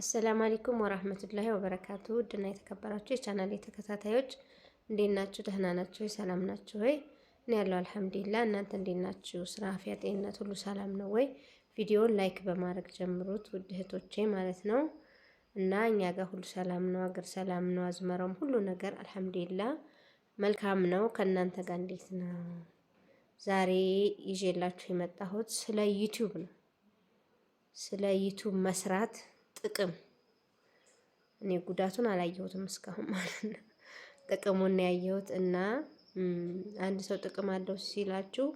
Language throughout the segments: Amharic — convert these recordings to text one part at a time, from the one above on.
አሰላሙ አለይኩም ወራህመቱላሂ ወበረካቱ። ውድና የተከበራችሁ የቻናል ተከታታዮች እንዴት ናችሁ? ደህና ናችሁ ወይ? ሰላም ናችሁ ወይ? እኔ ያለው አልሐምዱሊላ። እናንተ እንዴት ናችሁ? ስራ፣ አፍያ፣ ጤንነት ሁሉ ሰላም ነው ወይ? ቪዲዮን ላይክ በማድረግ ጀምሩት ውድ እህቶቼ ማለት ነው። እና እኛ ጋር ሁሉ ሰላም ነው፣ አገር ሰላም ነው፣ አዝመራውም ሁሉ ነገር አልሐምዱሊላ መልካም ነው። ከእናንተ ጋር እንዴት ነው? ዛሬ ይዤላችሁ የመጣሁት ስለ ዩቲዩብ ነው። ስለ ዩቲዩብ መስራት ጥቅም እኔ ጉዳቱን አላየሁትም እስካሁን ማለት ነው። ጥቅሙን ያየሁት እና አንድ ሰው ጥቅም አለው ሲላችሁ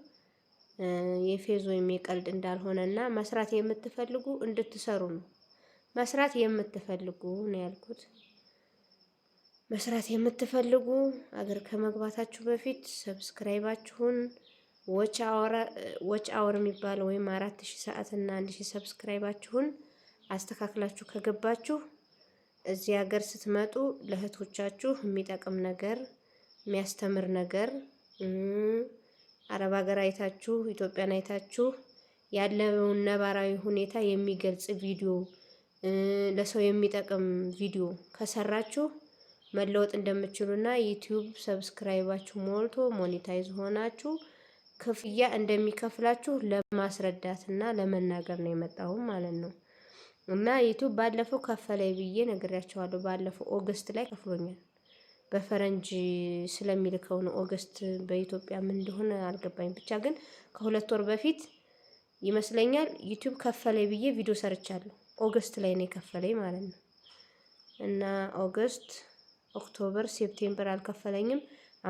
የፌዝ ወይም የቀልድ እንዳልሆነ እና መስራት የምትፈልጉ እንድትሰሩ ነው። መስራት የምትፈልጉ ነው ያልኩት። መስራት የምትፈልጉ አገር ከመግባታችሁ በፊት ሰብስክራይባችሁን ወች አወር የሚባለው ወይም አራት ሺህ ሰዓት እና አንድ ሺህ ሰብስክራይባችሁን አስተካክላችሁ ከገባችሁ እዚህ ሀገር ስትመጡ ለእህቶቻችሁ የሚጠቅም ነገር የሚያስተምር ነገር አረብ ሀገር አይታችሁ ኢትዮጵያን አይታችሁ ያለውን ነባራዊ ሁኔታ የሚገልጽ ቪዲዮ ለሰው የሚጠቅም ቪዲዮ ከሰራችሁ መለወጥ እንደምችሉና ዩቲዩብ ሰብስክራይባችሁ ሞልቶ ሞኔታይዝ ሆናችሁ ክፍያ እንደሚከፍላችሁ ለማስረዳት እና ለመናገር ነው የመጣሁም ማለት ነው። እና ዩቲዩብ ባለፈው ከፈለኝ ብዬ ነግሬያቸዋለሁ። ባለፈው ኦገስት ላይ ከፍሎኛል። በፈረንጅ ስለሚልከው ነው ኦገስት በኢትዮጵያ ምን እንደሆነ አልገባኝ። ብቻ ግን ከሁለት ወር በፊት ይመስለኛል ዩቲዩብ ከፈለኝ ብዬ ቪዲዮ ሰርቻለሁ። ኦገስት ላይ ነው የከፈለኝ ማለት ነው። እና ኦገስት፣ ኦክቶበር፣ ሴፕቴምበር አልከፈለኝም።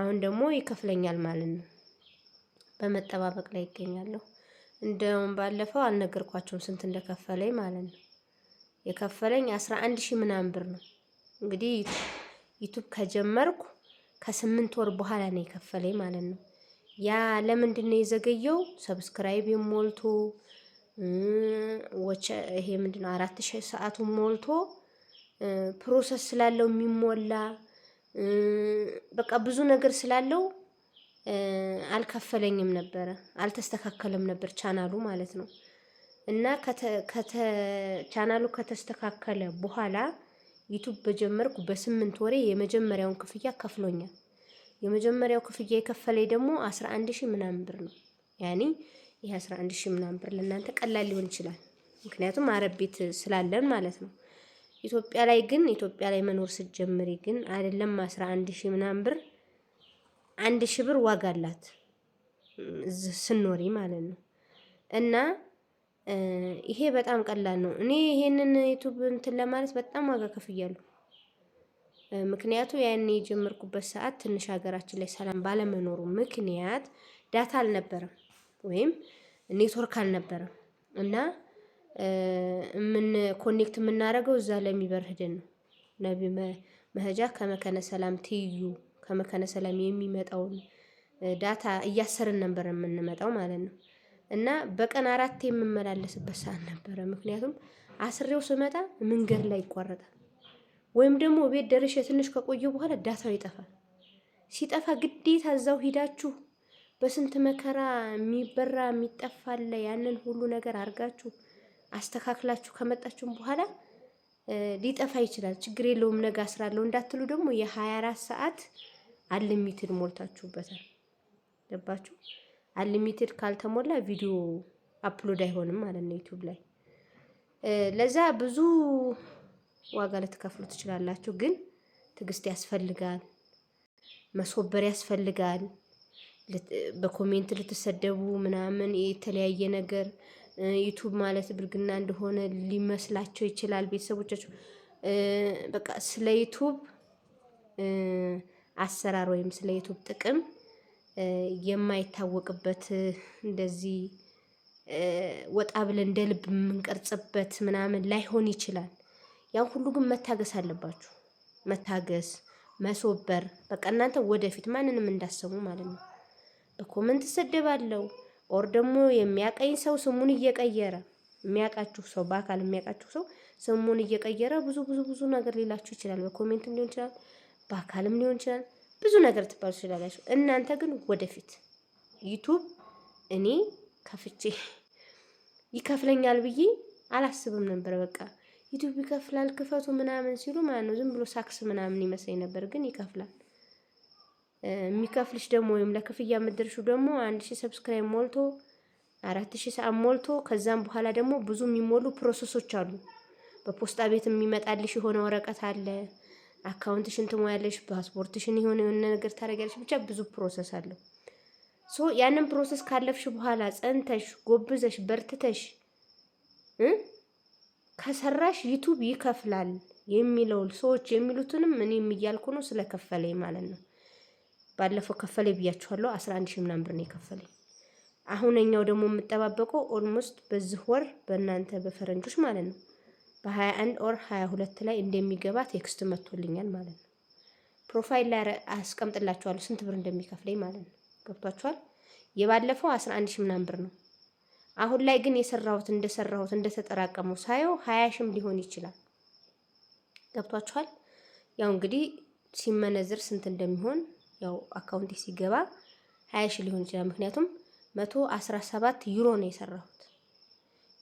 አሁን ደግሞ ይከፍለኛል ማለት ነው። በመጠባበቅ ላይ ይገኛለሁ። እንደውም ባለፈው አልነገርኳቸውም ስንት እንደከፈለኝ ማለት ነው። የከፈለኝ አስራ አንድ ሺህ ምናምን ብር ነው። እንግዲህ ዩቱብ ከጀመርኩ ከስምንት ወር በኋላ ነው የከፈለኝ ማለት ነው። ያ ለምንድን ነው የዘገየው? ሰብስክራይብ ሞልቶ ወቸ ይሄ ምንድነው አራት ሺህ ሰዓቱን ሞልቶ ፕሮሰስ ስላለው የሚሞላ በቃ ብዙ ነገር ስላለው አልከፈለኝም ነበረ፣ አልተስተካከለም ነበር ቻናሉ ማለት ነው። እና ቻናሉ ከተስተካከለ በኋላ ዩቱብ በጀመርኩ በስምንት ወሬ የመጀመሪያውን ክፍያ ከፍሎኛል። የመጀመሪያው ክፍያ የከፈለኝ ደግሞ 11 ሺህ ምናምን ብር ነው። ያኔ ይህ አስራ ሺህ ምናምን ብር ለእናንተ ቀላል ሊሆን ይችላል፣ ምክንያቱም አረብ ቤት ስላለን ማለት ነው። ኢትዮጵያ ላይ ግን ኢትዮጵያ ላይ መኖር ስትጀምሪ ግን አይደለም 11 ሺህ ምናምን ብር አንድ ሺህ ብር ዋጋ አላት ስኖሪ ማለት ነው እና ይሄ በጣም ቀላል ነው። እኔ ይሄንን ዩቱብ እንትን ለማለት በጣም ዋጋ ከፍያለሁ። ምክንያቱ ያኔ የጀመርኩበት ሰዓት ትንሽ ሀገራችን ላይ ሰላም ባለመኖሩ ምክንያት ዳታ አልነበረም ወይም ኔትወርክ አልነበረም እና ምን ኮኔክት የምናደርገው እዛ ለሚበር ሂደን ነው ነቢ መሄጃ ከመከነ ሰላም ትይዩ ከመከነ ሰላም የሚመጣውን ዳታ እያሰርን ነበር የምንመጣው ማለት ነው። እና በቀን አራት የምመላለስበት ሰዓት ነበረ። ምክንያቱም አስሬው ስመጣ መንገድ ላይ ይቋረጣል፣ ወይም ደግሞ ቤት ደርሼ ትንሽ ከቆየ በኋላ ዳታው ይጠፋል። ሲጠፋ ግዴታ እዛው ሂዳችሁ በስንት መከራ የሚበራ የሚጠፋለ ያንን ሁሉ ነገር አድርጋችሁ አስተካክላችሁ ከመጣችሁም በኋላ ሊጠፋ ይችላል። ችግር የለውም ነገ አስራለሁ እንዳትሉ ደግሞ የ24 ሰዓት አልሚትድ ሞልታችሁበታል። ገባችሁ? አንሊሚትድ ካልተሞላ ቪዲዮ አፕሎድ አይሆንም ማለት ነው ዩቲዩብ ላይ። ለዛ ብዙ ዋጋ ልትከፍሉ ትችላላችሁ፣ ግን ትዕግስት ያስፈልጋል፣ መስወበር ያስፈልጋል። በኮሜንት ልትሰደቡ ምናምን የተለያየ ነገር ዩቱብ ማለት ብልግና እንደሆነ ሊመስላቸው ይችላል ቤተሰቦቻችሁ። በቃ ስለ ዩቱብ አሰራር ወይም ስለ ዩቱብ ጥቅም የማይታወቅበት እንደዚህ ወጣ ብለን እንደ ልብ የምንቀርጽበት ምናምን ላይሆን ይችላል። ያን ሁሉ ግን መታገስ አለባችሁ። መታገስ፣ መሶበር። በቃ እናንተ ወደፊት ማንንም እንዳሰሙ ማለት ነው። በኮመንት ሰደባለው ኦር ደግሞ የሚያቀኝ ሰው ስሙን እየቀየረ የሚያውቃችሁ ሰው በአካል የሚያውቃችሁ ሰው ስሙን እየቀየረ ብዙ ብዙ ብዙ ነገር ሊላችሁ ይችላል። በኮሜንትም ሊሆን ይችላል፣ በአካልም ሊሆን ይችላል። ብዙ ነገር ትባሉ ስላላችሁ እናንተ ግን ወደፊት ዩቱብ እኔ ከፍቼ ይከፍለኛል ብዬ አላስብም ነበር። በቃ ዩቱብ ይከፍላል ክፈቱ ምናምን ሲሉ ማለት ነው ዝም ብሎ ሳክስ ምናምን ይመስለኝ ነበር፣ ግን ይከፍላል። የሚከፍልሽ ደግሞ ወይም ለክፍያ ምድርሹ ደግሞ አንድ ሺህ ሰብስክራይብ ሞልቶ አራት ሺህ ሰዓት ሞልቶ ከዛም በኋላ ደግሞ ብዙ የሚሞሉ ፕሮሰሶች አሉ። በፖስታ ቤት የሚመጣልሽ የሆነ ወረቀት አለ አካውንትሽን ትሞያለሽ፣ ፓስፖርትሽን የሆነ የሆነ ነገር ታደርጊያለሽ። ብቻ ብዙ ፕሮሰስ አለው። ሶ ያንን ፕሮሰስ ካለፍሽ በኋላ ጸንተሽ ጎብዘሽ በርትተሽ ከሰራሽ ዩቱብ ይከፍላል የሚለው ሰዎች የሚሉትንም እኔም እያልኩ ነው። ስለከፈለኝ ማለት ነው። ባለፈው ከፈለኝ ብያችኋለሁ። አስራ አንድ ሺህ ምናምን ብር ነው የከፈለኝ። አሁነኛው ደግሞ የምጠባበቀው ኦልሞስት በዚህ ወር በእናንተ በፈረንጆች ማለት ነው በ21 ኦር 22 ላይ እንደሚገባ ቴክስት መጥቶልኛል ማለት ነው። ፕሮፋይል ላይ አስቀምጥላችኋለሁ ስንት ብር እንደሚከፍለኝ ማለት ነው። ገብቷችኋል? የባለፈው 11 ሺ ምናምን ብር ነው። አሁን ላይ ግን የሰራሁት እንደሰራሁት እንደተጠራቀመው ሳየው 20 ሺም ሊሆን ይችላል። ገብቷችኋል? ያው እንግዲህ ሲመነዝር ስንት እንደሚሆን ያው አካውንቴ ሲገባ 20 ሺ ሊሆን ይችላል። ምክንያቱም 117 ዩሮ ነው የሰራሁት።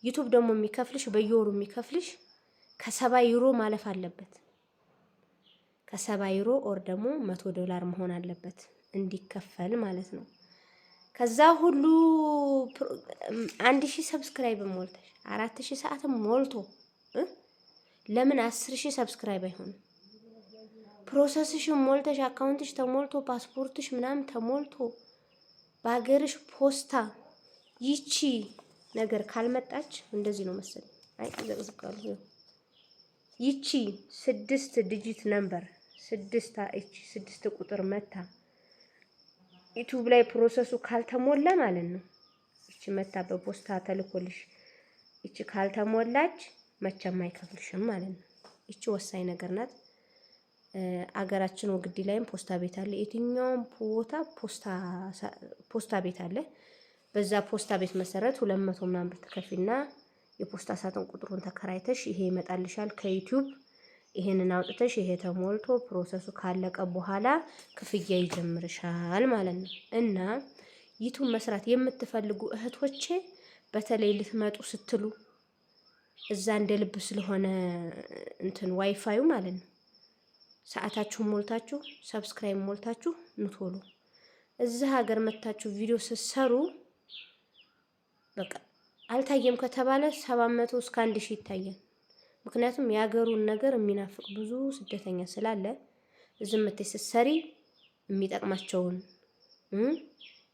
ዩቱብ ደግሞ የሚከፍልሽ በየወሩ የሚከፍልሽ ከሰባ ዩሮ ማለፍ አለበት። ከሰባ ዩሮ ኦር ደግሞ መቶ ዶላር መሆን አለበት እንዲከፈል ማለት ነው። ከዛ ሁሉ አንድ ሺህ ሰብስክራይብ ሞልተሽ አራት ሺህ ሰዓትም ሞልቶ ለምን አስር ሺህ ሰብስክራይብ አይሆንም? ፕሮሰስሽን ሞልተሽ አካውንትሽ ተሞልቶ ፓስፖርትሽ ምናምን ተሞልቶ በሀገርሽ ፖስታ ይቺ ነገር ካልመጣች እንደዚህ ነው መሰለኝ። አይ ዘቅዝቃሉ ይቺ ስድስት ዲጂት ነምበር ስድስታ እቺ ስድስት ቁጥር መታ ዩቱብ ላይ ፕሮሰሱ ካልተሞላ ማለት ነው። እቺ መታ በፖስታ ተልኮልሽ እቺ ካልተሞላች መቼም አይከፍልሽም ማለት ነው። እቺ ወሳኝ ነገር ናት። አገራችን ወግዲ ላይም ፖስታ ቤት አለ። የትኛውም ቦታ ፖስታ ቤት አለ። በዛ ፖስታ ቤት መሰረት ሁለት መቶ ምናምን ብትከፊና የፖስታ ሳጥን ቁጥሩን ተከራይተሽ ይሄ ይመጣልሻል ከዩቲዩብ ይሄንን አውጥተሽ ይሄ ተሞልቶ ፕሮሰሱ ካለቀ በኋላ ክፍያ ይጀምርሻል ማለት ነው። እና ዩቱብ መስራት የምትፈልጉ እህቶቼ በተለይ ልትመጡ ስትሉ እዛ እንደ ልብ ስለሆነ እንትን ዋይፋዩ ማለት ነው። ሰዓታችሁን ሞልታችሁ ሰብስክራይብ ሞልታችሁ ንቶሎ እዚህ ሀገር መታችሁ ቪዲዮ ስትሰሩ በቃ አልታየም ከተባለ ሰባት መቶ እስከ አንድ ሺህ ይታያል። ምክንያቱም የሀገሩን ነገር የሚናፍቅ ብዙ ስደተኛ ስላለ እዚህ መተሽ ስትሰሪ የሚጠቅማቸውን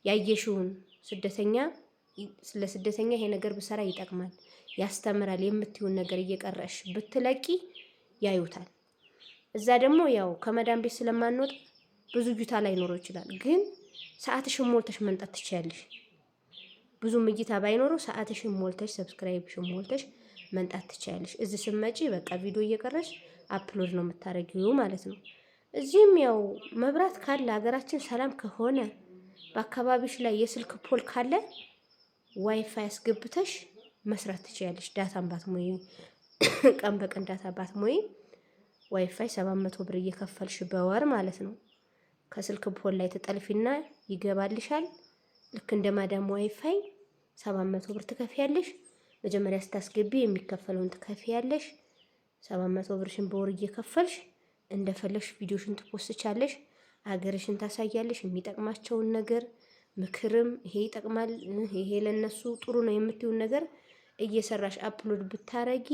ያየሽውን ስደተኛ ስለ ስደተኛ ይሄ ነገር ብሰራ ይጠቅማል፣ ያስተምራል የምትይውን ነገር እየቀረሽ ብትለቂ ያዩታል። እዛ ደግሞ ያው ከመዳን ቤት ስለማንወጥ ብዙ ላይ ኖሮ ይችላል፣ ግን ሰዓትሽን ሞልተሽ መንጣት ትችያለሽ። ብዙም እይታ ባይኖረው ሰዓትሽን ሞልተሽ ሰብስክራይብሽን ሞልተሽ መንጣት ትችያለሽ። እዚህ ስመጪ በቃ ቪዲዮ እየቀረሽ አፕሎድ ነው የምታደርጊው ማለት ነው። እዚህም ያው መብራት ካለ ሀገራችን ሰላም ከሆነ በአካባቢሽ ላይ የስልክ ፖል ካለ ዋይፋይ አስገብተሽ መስራት ትችያለሽ። ዳታን ባትሞይ ቀን በቀን ዳታ ባትሞይ ዋይፋይ ሰባት መቶ ብር እየከፈልሽ በወር ማለት ነው ከስልክ ፖል ላይ ተጠልፊና ይገባልሻል ልክ እንደ ማዳም ዋይፋይ ሰባት መቶ ብር ትከፍያለሽ። መጀመሪያ ስታስገቢ የሚከፈለውን ትከፍያለሽ። ሰባት መቶ ብርሽን በወር እየከፈልሽ እንደፈለሽ ቪዲዮሽን ትፖስቻለሽ፣ አገርሽን ታሳያለሽ፣ የሚጠቅማቸውን ነገር ምክርም፣ ይሄ ይጠቅማል፣ ይሄ ለነሱ ጥሩ ነው የምትዩን ነገር እየሰራሽ አፕሎድ ብታረጊ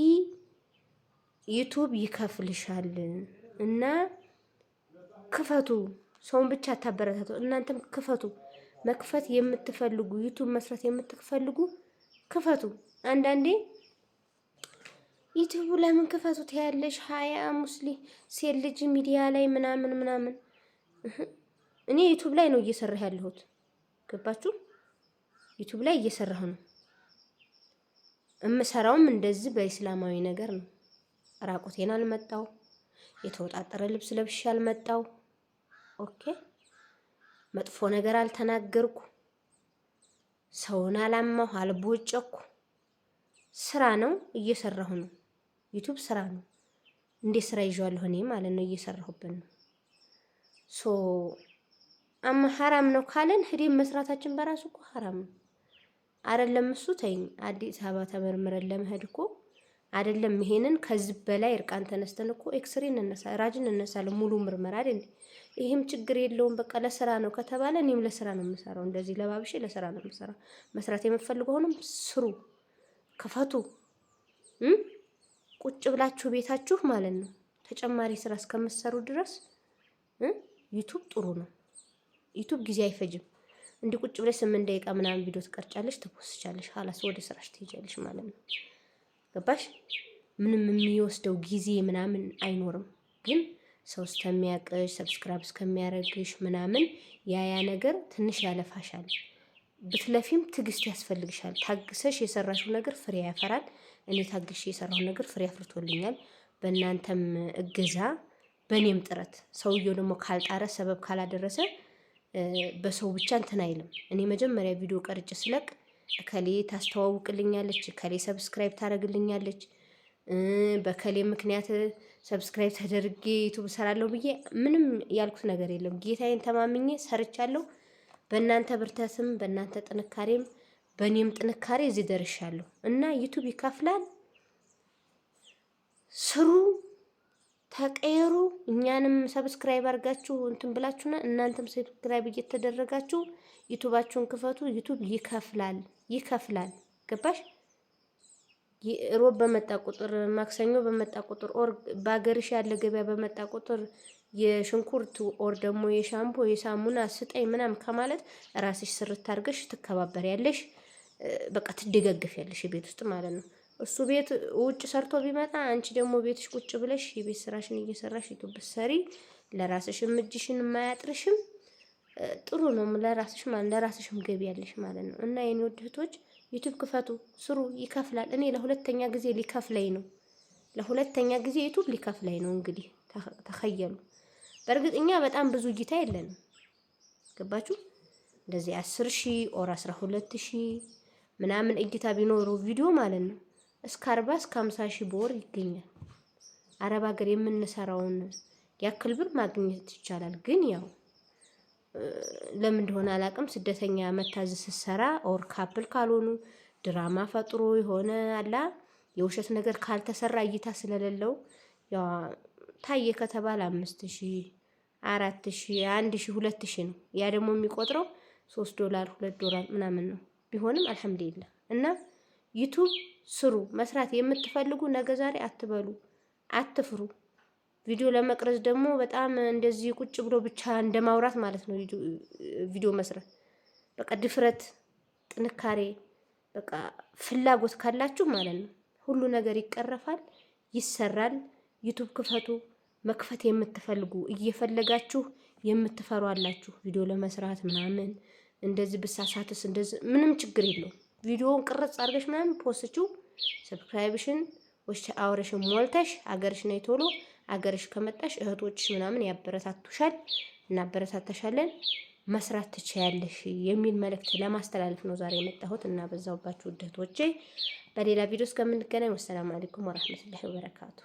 ዩቱብ ይከፍልሻል። እና ክፈቱ፣ ሰውን ብቻ አታበረታቱ፣ እናንተም ክፈቱ። መክፈት የምትፈልጉ ዩቱብ መስራት የምትፈልጉ ክፈቱ። አንዳንዴ ዩቱቡ ለምን ክፈቱት ትያለሽ። ሀያ ሙስሊ ሴት ልጅ ሚዲያ ላይ ምናምን ምናምን። እኔ ዩቱብ ላይ ነው እየሰራ ያለሁት። ገባችሁ? ዩቱብ ላይ እየሰራሁ ነው። እምሰራውም እንደዚህ በእስላማዊ ነገር ነው። ራቁቴን አልመጣው፣ የተወጣጠረ ልብስ ለብሼ አልመጣው። ኦኬ መጥፎ ነገር አልተናገርኩ፣ ሰውን አላማሁ፣ አልቦጨኩ። ስራ ነው እየሰራሁ ነው። ዩቱብ ስራ ነው። እንዴ ስራ ይዣለሁ እኔ ማለት ነው እየሰራሁበት ነው። ሶ አማ ሀራም ነው ካለን ህዴ መስራታችን በራሱ እኮ ሀራም ነው አይደለም። እሱ ተይኝ። አዲስ አበባ ተመርምረን ለመሄድ እኮ አይደለም። ይሄንን ከዚህ በላይ እርቃን ተነስተን እኮ ኤክስሬ እንነሳ ራጅን እንነሳለን ሙሉ ምርመራ አይደል ይሄም ችግር የለውም በቃ ለስራ ነው ከተባለ እኔም ለስራ ነው የምሰራው። እንደዚህ ለባብሼ ለስራ ነው የምሰራው። መስራት የምፈልገው አሁንም ስሩ፣ ክፈቱ። ቁጭ ብላችሁ ቤታችሁ ማለት ነው ተጨማሪ ስራ እስከምትሰሩ ድረስ ዩቱብ ጥሩ ነው። ዩቱብ ጊዜ አይፈጅም። እንዲህ ቁጭ ብለሽ ስምንት ደቂቃ ምናምን ቪዲዮ ትቀርጫለሽ፣ ትፖስቻለሽ፣ ኋላስ ወደ ስራሽ ትሄጃለሽ ማለት ነው። ገባሽ? ምንም የሚወስደው ጊዜ ምናምን አይኖርም ግን ሰው እስከሚያቅሽ ሰብስክራይብ እስከሚያደርግሽ ምናምን ያ ያ ነገር ትንሽ ያለፋሻል። ብትለፊም ትግስት ያስፈልግሻል። ታግሰሽ የሰራሽው ነገር ፍሬ ያፈራል። እኔ ታግሽ የሰራሁ ነገር ፍሬ አፍርቶልኛል። በእናንተም እገዛ በእኔም ጥረት። ሰውየው ደግሞ ካልጣረ ሰበብ ካላደረሰ በሰው ብቻ እንትን አይልም። እኔ መጀመሪያ ቪዲዮ ቀርጭ ስለቅ እከሌ ታስተዋውቅልኛለች፣ እከሌ ሰብስክራይብ ታደርግልኛለች በከሌ ምክንያት ሰብስክራይብ ተደርጌ ዩቱብ እሰራለሁ ብዬ ምንም ያልኩት ነገር የለም። ጌታዬን ተማምኜ ሰርቻለሁ። በእናንተ ብርተስም በእናንተ ጥንካሬም በእኔም ጥንካሬ እዚህ ደርሻለሁ እና ዩቱብ ይከፍላል። ስሩ፣ ተቀየሩ። እኛንም ሰብስክራይብ አድርጋችሁ እንትን ብላችሁና እናንተም ሰብስክራይብ እየተደረጋችሁ ዩቱባችሁን ክፈቱ። ዩቱብ ይከፍላል፣ ይከፍላል። ገባሽ? ሮብ በመጣ ቁጥር፣ ማክሰኞ በመጣ ቁጥር ኦር በሀገርሽ ያለ ገበያ በመጣ ቁጥር የሽንኩርት ኦር ደግሞ የሻምፖ የሳሙና ስጠኝ ምናም ከማለት ራስሽ ስርት አድርገሽ ያለሽ በቃ ትደገግፍ ያለሽ ቤት ውስጥ ማለት ነው። እሱ ቤት ውጭ ሰርቶ ቢመጣ አንቺ ደግሞ ቤትሽ ቁጭ ብለሽ የቤት ስራሽን እየሰራሽ ዩቱብስ ሰሪ ለራስሽ እጅሽን የማያጥርሽም ጥሩ ነው። ለራስሽ ለራስሽም ገቢ ያለሽ ማለት ነው እና የኔ ውድ እህቶች ዩቲዩብ ክፈቱ፣ ስሩ፣ ይከፍላል። እኔ ለሁለተኛ ጊዜ ሊከፍለኝ ነው። ለሁለተኛ ጊዜ ዩቱብ ሊከፍለኝ ነው። እንግዲህ ተኸየሉ። በእርግጥ እኛ በጣም ብዙ እይታ የለንም። ገባችሁ? እንደዚህ አስር ሺህ ኦር አስራ ሁለት ሺህ ምናምን እይታ ቢኖረው ቪዲዮ ማለት ነው እስከ አርባ እስከ ሀምሳ ሺህ በወር ይገኛል። አረብ ሀገር የምንሰራውን ያክል ብር ማግኘት ይቻላል። ግን ያው ለምን እንደሆነ አላውቅም። ስደተኛ መታዝ ስትሰራ ኦር ካፕል ካልሆኑ ድራማ ፈጥሮ የሆነ አላ የውሸት ነገር ካልተሰራ እይታ ስለሌለው ያው ታየ ከተባለ አምስት ሺ አራት ሺ አንድ ሺ ሁለት ሺ ነው። ያ ደግሞ የሚቆጥረው ሶስት ዶላር ሁለት ዶላር ምናምን ነው። ቢሆንም አልሐምዱሊላ እና ዩቱብ ስሩ። መስራት የምትፈልጉ ነገ ዛሬ አትበሉ፣ አትፍሩ። ቪዲዮ ለመቅረጽ ደግሞ በጣም እንደዚህ ቁጭ ብሎ ብቻ እንደማውራት ማለት ነው። ቪዲዮ መስራት በቃ ድፍረት፣ ጥንካሬ፣ በቃ ፍላጎት ካላችሁ ማለት ነው ሁሉ ነገር ይቀረፋል፣ ይሰራል። ዩቱብ ክፈቱ። መክፈት የምትፈልጉ እየፈለጋችሁ የምትፈሩ አላችሁ። ቪዲዮ ለመስራት ምናምን እንደዚህ ብሳሳትስ እንደዚህ ምንም ችግር የለው ቪዲዮውን ቅርጽ አድርገሽ ምናምን ፖስችው ሰብስክራይብሽን ወሽ አውረሽን ሞልተሽ አገርሽ ነው የቶሎ አገርሽ ከመጣሽ እህቶችሽ ምናምን ያበረታቱሻል፣ እናበረታታሻለን፣ መስራት ትችያለሽ የሚል መልእክት ለማስተላለፍ ነው ዛሬ የመጣሁት እና በዛውባችሁ እህቶቼ፣ በሌላ ቪዲዮ እስከምንገናኝ ወሰላም አለይኩም ወራህመቱላሂ ወበረካቱ።